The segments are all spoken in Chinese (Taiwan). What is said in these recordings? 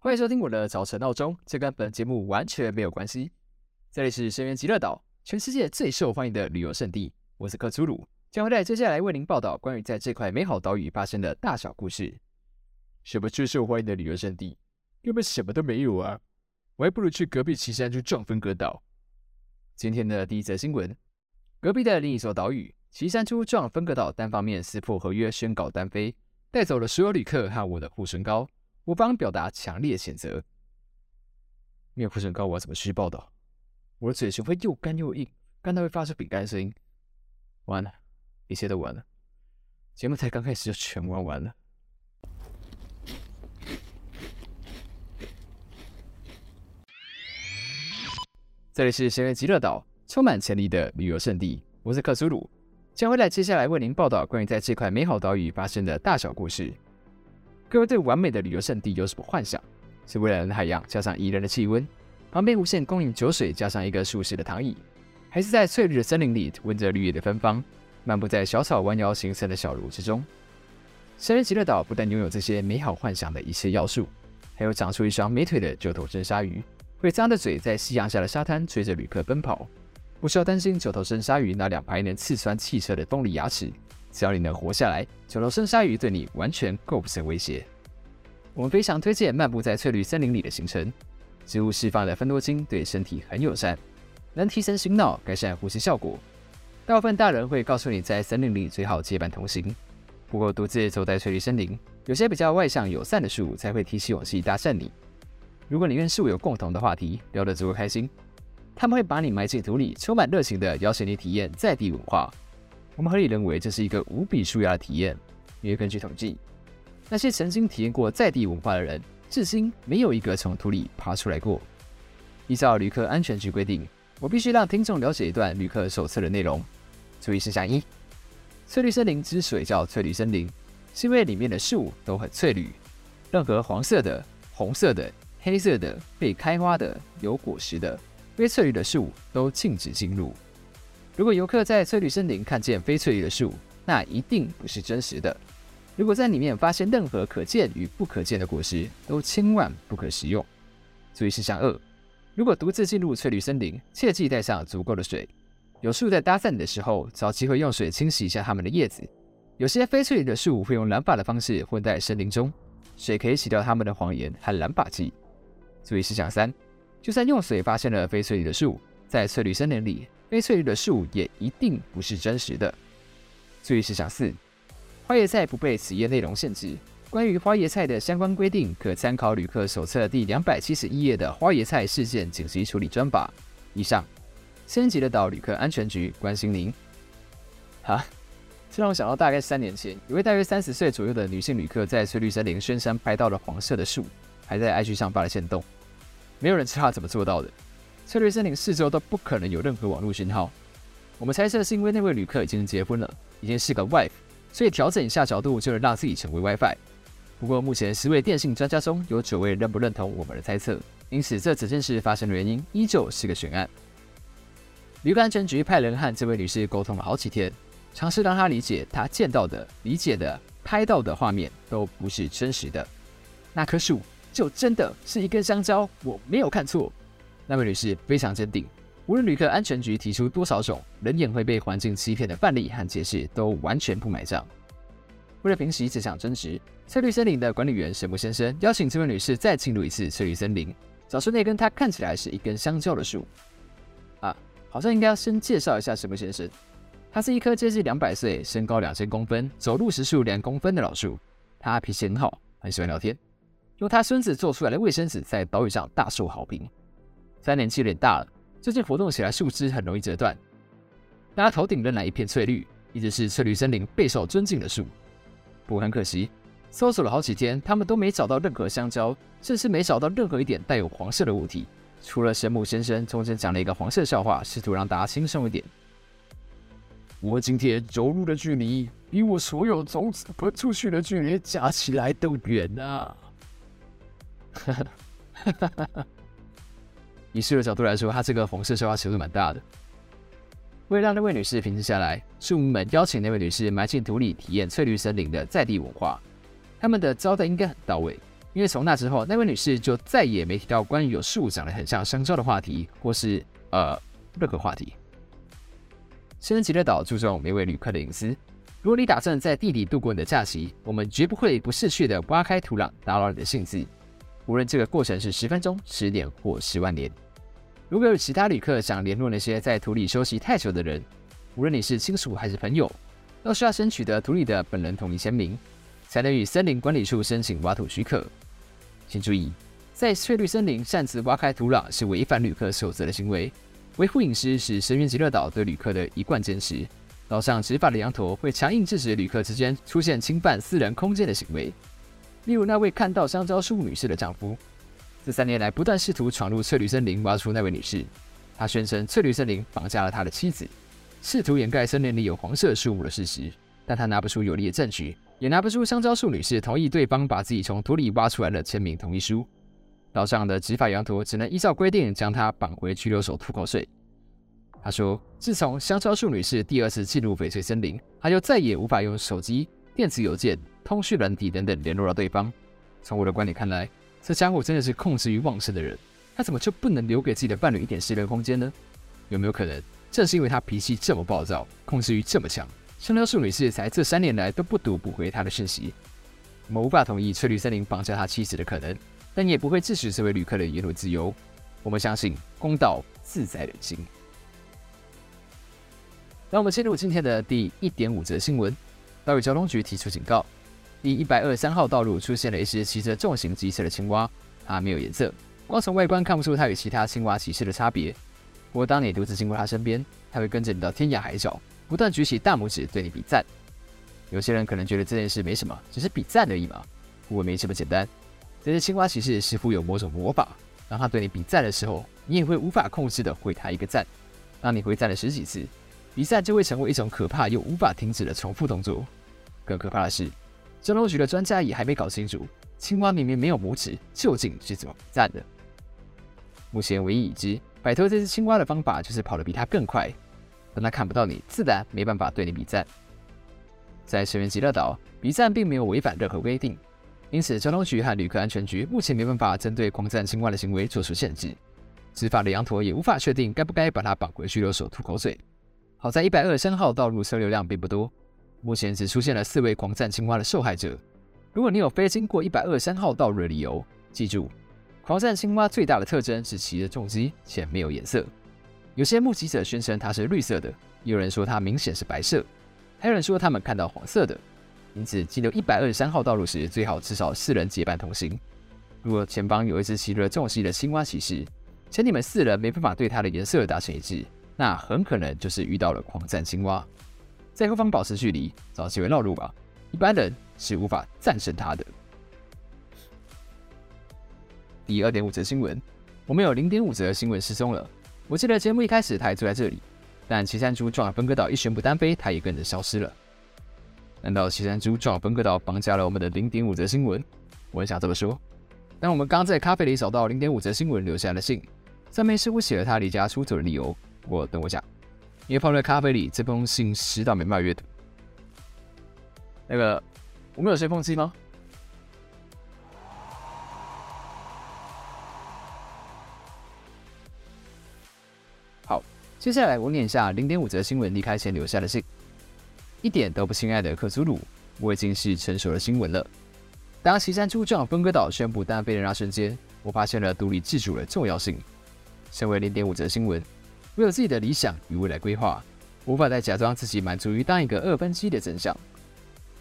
歡迎收聽我的早晨鬧鐘，這跟本節目完全沒有關係。這裡是深淵極樂島，全世界最受歡迎的旅遊勝地。我是克蘇魯，將會在接下來為您報道關於在這塊美好島嶼發生的大小故事。什麼最受歡迎的旅遊勝地？根本什麼都沒有啊！我還不如去隔壁岐山去撞分隔島。今天的第一則新聞：隔壁的另一座島嶼岐山出撞分隔島單方面撕破合約，宣告單飛，帶走了所有旅客和我的護唇膏。我幫表達強烈的譴責。沒有護唇膏，我要怎麼繼續報道？我的嘴唇會又乾又硬，乾到會發出餅乾聲音。完了，一切都完了。節目才剛開始就全玩完了。 這裡是深淵極樂島，充滿潛力的旅遊勝地。我是克蘇魯，將會在接下來為您報道關於在這塊美好島嶼發生的大小故事。各位對完美的旅遊勝地有什麼幻想？是蔚藍的海洋加上宜人的氣溫，旁邊無限供應酒水加上一個舒適的躺椅，還是在翠綠的森林裡聞着綠葉的芬芳，漫步在小草彎腰形成的小路之中？深淵極樂島不但擁有這些美好幻想的一切要素，還有長出一雙美腿的九頭身鯊魚，會張着嘴在夕陽下的沙灘追着旅客奔跑，不需要擔心九頭身鯊魚那兩排能刺穿汽車的鋒利牙齒。只要你能活下來，九頭身鯊魚對你完全構不成威脅。我們非常推薦漫步在翠綠森林裡的行程。植物釋放的芬多精對身體很友善，能提神醒腦、改善呼吸效果。大部分大人會告訴你在森林裡最好結伴同行。不過獨自走在翠綠森林，有些比較外向友善的樹才會提起勇氣搭訕你。如果你跟樹有共同的話題，聊得足夠開心，他們會把你埋進土裡，充滿熱情地邀請你體驗在地文化。我們合理認為這是一個無比舒壓的體驗，因為根據統計，那些曾經體驗過在地文化的人，至今沒有一個從土裡爬出來過。依照旅客安全局規定，我必須讓聽眾了解一段旅客手冊的內容。注意事項一：翠綠森林之所以叫翠綠森林，是因為裡面的樹都很翠綠。任何黃色的、紅色的、黑色的、被開花的、有果實的、非翠綠的樹都禁止進入。如果遊客在翠綠森林看見非翠綠的樹，那一定不是真實的。如果在裡面發現任何可見與不可見的果實，都千萬不可食用。注意事項二：如果獨自進入翠綠森林，切記帶上足夠的水。有樹在搭訕的時候，早期會用水清洗一下它們的葉子。有些非翠綠的樹會用染髮的方式混在森林中，水可以洗掉它們的謊言和染髮劑。注意事項三：就算用水發現了非翠綠的樹，在翠綠森林裡。被翠綠的樹也一定不是真實的。注意事項四：花椰菜不被此頁內容限制。關於花椰菜的相關規定，可參考旅客手冊第兩百七十一頁的“花椰菜事件緊急處理專法”。以上，深淵極樂島旅客安全局關心您。哈、啊，這讓我想到大概三年前，有位大約三十歲左右的女性旅客在翠綠森林深山拍到了黃色的樹，還在 IG 上發了限動。沒有人知道怎麼做到的。策略森林四周都不可能有任何網絡訊號。我們猜測，是因為那位旅客已經結婚了，已經是個 wife，所以調整一下角度就能讓自己成為 WiFi。不過目前十位電信專家中有九位認不認同我們的猜測，因此這這件事發生的原因依舊是個懸案。旅館安全局派人和這位女士溝通了好幾天，嘗試讓她理解她見到的、理解的、拍到的畫面都不是真實的。那棵樹就真的是一根香蕉，我沒有看錯。那位女士非常堅定，無論旅客安全局提出多少種人眼會被環境欺騙的範例和解釋，都完全不買賬。為了平息這場爭執，翠綠森林的管理員神木先生邀請這位女士再進入一次翠綠森林，找出那根她看起來是一根香蕉的樹啊，好像應該要先介紹一下神木先生。他是一棵接近兩百歲、身高兩千公分、走路時速兩公分的老樹。他脾氣很好，很喜歡聊天，用他孫子做出來的衛生紙在島嶼上大受好評。三年紀有點大了，最近活動起來樹枝很容易折斷。大家頭頂仍然一片翠綠，一直是翠綠森林備受尊敬的樹。不過很可惜，搜索了好幾天，他們都沒找到任何香蕉，甚至沒找到任何一點帶有黃色的物體。除了神木先生中間講了一個黃色笑話，試圖讓大家輕鬆一點。我今天走路的距離，比我所有種子噴出去的距離加起來都遠啊。 以樹的角度來說，它這個紅色變化程度蠻大的。為了讓那位女士平靜下來，樹木們邀請那位女士埋進土裡，體驗翠綠森林的在地文化。他們的招待應該很到位，因為從那之後，那位女士就再也沒提到關於有樹長得很像香蕉的話題，或是呃任何話題。深淵極樂島注重每位旅客的隱私。如果你打算在地裡度過你的假期，我們絕不會不識趣的挖開土壤，打擾你的興致。無論這個過程是十分鐘、十年或十萬年，如果有其他旅客想聯絡那些在土裡休息太久的人，無論你是親屬還是朋友，都需要先取得土裡的本人同意簽名，才能與森林管理處申請挖土許可。請注意，在翠綠森林擅自挖開土壤是違反旅客守則的行為。維護隱私是深淵極樂島對旅客的一貫堅持。島上執法的羊駝會強硬制止旅客之間出現侵犯私人空間的行為。例如那位看到香蕉樹女士的丈夫，這三年來不斷試圖闖入翠綠森林挖出那位女士。他宣稱翠綠森林綁架了他的妻子，試圖掩蓋森林裡有黃色樹木的事實，但他拿不出有力的證據，也拿不出香蕉樹女士同意對方把自己從土裡挖出來的簽名同意書。島上的執法羊駝只能依照規定將他綁回拘留所吐口水。他說，自從香蕉樹女士第二次進入翡翠森林，他就再也無法用手機、電子郵件、通訊軟體等等，聯絡到對方。從我的觀點看來，這家伙真的是控制欲旺盛的人。他怎麼就不能留給自己的伴侶一點私人空間呢？有沒有可能，正是因為他脾氣這麼暴躁，控制欲這麼強，香蕉樹女士才這三年來都不讀不回他的訊息。我們無法同意翠綠森林綁架他妻子的可能，但也不會制止這位旅客的言論自由。我們相信，公道自在人心。讓我們進入今天的第一點五則新聞：島嶼交通局提出警告。第一百二十三號道路出現了一隻騎着重型機車的青蛙，它沒有顏色，光從外觀看不出它與其他青蛙騎士的差別。不過，當你獨自經過它身邊，它會跟着你到天涯海角，不斷舉起大拇指對你比讚。有些人可能覺得這件事沒什麼，只是比讚而已嘛。不過沒這麼簡單，這隻青蛙騎士似乎有某種魔法，當它對你比讚的時候，你也會無法控制的回它一個讚。當你回讚了十幾次，比讚就會成為一種可怕又無法停止的重複動作。更可怕的是。交通局的專家也還沒搞清楚，青蛙明明沒有拇指，究竟是怎麼比贊的？目前唯一已知擺脫這隻青蛙的方法，就是跑得比它更快。讓它看不到你，自然沒辦法對你比贊。在深淵極樂島，比贊並沒有違反任何規定，因此交通局和旅客安全局目前沒辦法針對狂贊青蛙的行為做出限制。執法的羊駝也無法確定該不該把它綁回拘留所吐口水。好在一百二十三號道路車流量並不多。目前只出現了四位狂讚青蛙的受害者。如果你有非經過一百二十三號道路的理由，記住，狂讚青蛙最大的特徵是騎着重機且沒有顏色。有些目擊者宣稱它是綠色的，也有人說它明顯是白色，還有人說他們看到黃色的。因此，進入一百二十三號道路時，最好至少四人結伴同行。如果前方有一隻騎着重機的青蛙騎士，且你們四人沒辦法對它的顏色達成一致，那很可能就是遇到了狂讚青蛙。在後方保持距離，找機會繞路吧。一般人是無法戰勝他的。第二點五則新聞，我們有零點五則新聞失蹤了。我記得節目一開始他也住在這裡，但齊三豬撞了分割島，一宣布單飛，他也跟着消失了。難道齊三豬撞分割島綁架了我們的零點五則新聞？我很想這麼說。但我們剛在咖啡裡找到零點五則新聞留下的信，上面似乎寫了他離家出走的理由。我等我講。因為泡在咖啡裡，這封信十大沒賣閱讀。那個，我們有吹風機嗎？好，接下來我念一下零點五則新聞離開前留下的信。一點都不親愛的克蘇魯，我已經是成熟的新聞了。當岐山出戰分割島宣布單飛的那瞬間，我發現了獨立自主的重要性。身為零點五則新聞。我有自己的理想與未來規劃，無法再假裝自己滿足於當一個二分之一的真相。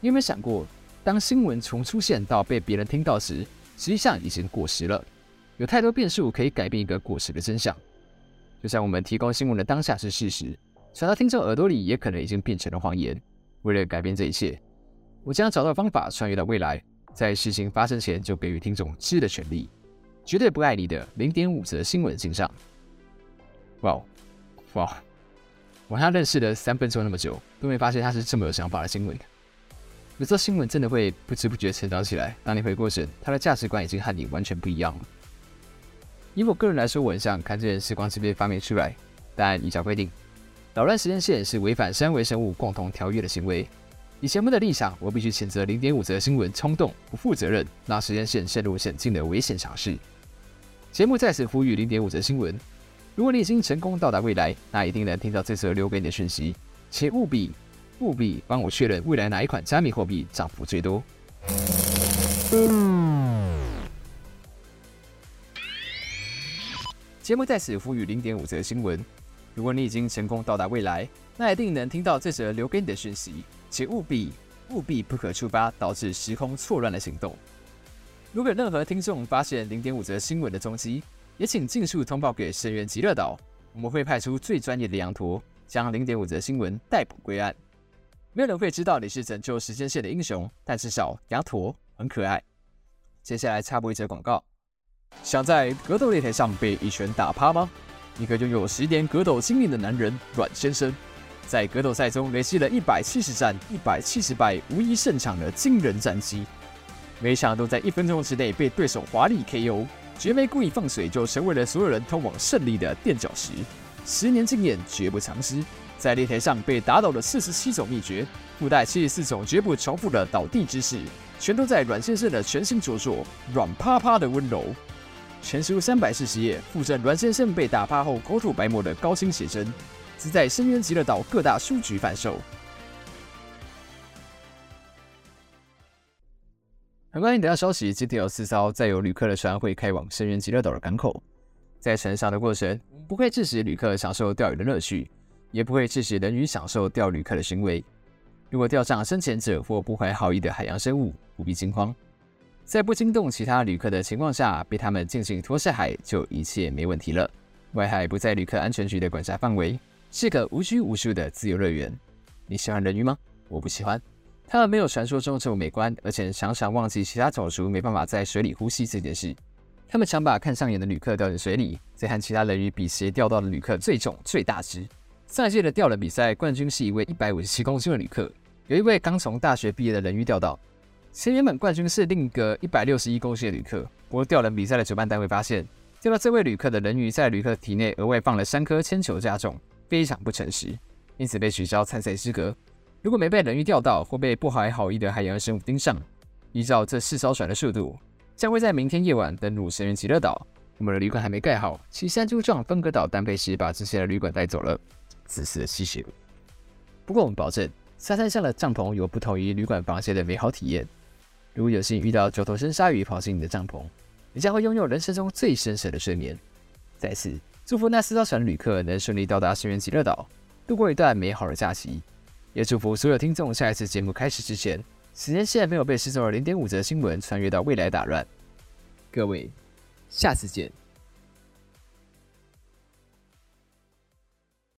你有沒有想過，當新聞從出現到被別人聽到時，實際上已經過時了？有太多變數可以改變一個過時的真相。就像我們提供新聞的當下是事實，傳到聽眾耳朵裡也可能已經變成了謊言。為了改變這一切，我將找到方法穿越到未來，在事情發生前就給予聽眾知的權利。絕對不愛你的零點五折新聞欣賞。哇哦！哇！我跟他認識了三分鐘那麼久，都沒發現他是這麼有想法的新聞。有時候新聞真的會不知不覺成長起來，當你回過神，他的價值觀已經和你完全不一樣了。以我個人來說，我很想看見時光機被發明出來，但依照規定，擾亂時間線是違反三維生物共同條約的行為。以節目的立場，我必須譴責零點五則新聞衝動、不負責任，讓時間線陷入險境的危險嘗試。節目再次呼籲零點五則新聞。如果你已經成功到達未來，那一定能聽到這則留給你的訊息。且務必務必幫我確認未來哪一款加密貨幣漲幅最多。嗯、節目在此呼籲零點五則新聞。如果你已經成功到達未來，那一定能聽到這則留給你的訊息。且務必務必不可觸發導致時空錯亂的行動。如果有任何聽眾發現零點五則新聞的蹤跡，也請盡速通報給深淵極樂島，我們會派出最專業的羊駝，將零點五則新聞逮捕歸案。沒有人會知道你是拯救時間線的英雄，但至少羊駝很可愛。接下來插播一則廣告：想在格鬥擂台上被一拳打趴嗎？一個擁有十年格鬥經驗的男人阮先生，在格鬥賽中累積了一百七十戰、一百七十敗，無一勝場的驚人戰績，每場都在一分鐘之內被對手華麗 KO。絕沒故意放水，就成為了所有人通往勝利的墊腳石。十年經驗絕不藏私，在擂台上被打倒的四十七種秘訣，附帶七十四種絕不重複的倒地姿勢，全都在阮先生的全新著作《軟趴趴的溫柔》。全書三百四十頁，附贈阮先生被打趴後口吐白沫的高清寫真，只在深淵極樂島各大書局販售。很高興得到消息，今天有四艘載有旅客的船會開往深淵極樂島的港口。在船上的過程，不會致使旅客享受釣魚的樂趣，也不會致使人魚享受釣旅客的行為。如果釣上深潛者或不懷好意的海洋生物，不必驚慌。在不驚動其他旅客的情況下，被他們靜靜拖下海，就一切沒問題了。外海不在旅客安全局的管轄範圍，是個無拘無束的自由樂園。你喜歡人魚嗎？我不喜歡。他們沒有傳說中這麼美觀，而且常常忘記其他種族沒辦法在水裡呼吸這件事。他們常把看上眼的旅客掉進水裡，再和其他人魚比誰釣到的旅客最重、最大隻。上一屆的釣人比賽冠軍是一位一百五十七公斤的旅客，由一位剛從大學畢業的人魚釣到。前原本冠軍是另一個一百六十一公斤的旅客，不過釣人比賽的主辦單位發現，釣到這位旅客的人魚在旅客體內額外放了三顆鉛球加重，非常不誠實，因此被取消參賽資格。如果沒被人魚釣到，或被不懷好意的海洋生物盯上，依照這四艘船的速度，將會在明天夜晚登陸深淵極樂島。我們的旅館還沒蓋好，其三就會撞分隔島，單被時把這些的旅館帶走了。自私的吸血鬼。不過我們保證，沙灘上的帳篷有不同於旅館房間的美好體驗。如果有幸遇到九頭身鯊魚跑進你的帳篷，你將會擁有人生中最深沉的睡眠。再次祝福那四艘船旅客能順利到達深淵極樂島，度過一段美好的假期。也祝福所有聽眾，下一次節目開始之前，時間線沒有被失蹤的零點五則新聞穿越到未來打亂。各位，下次見。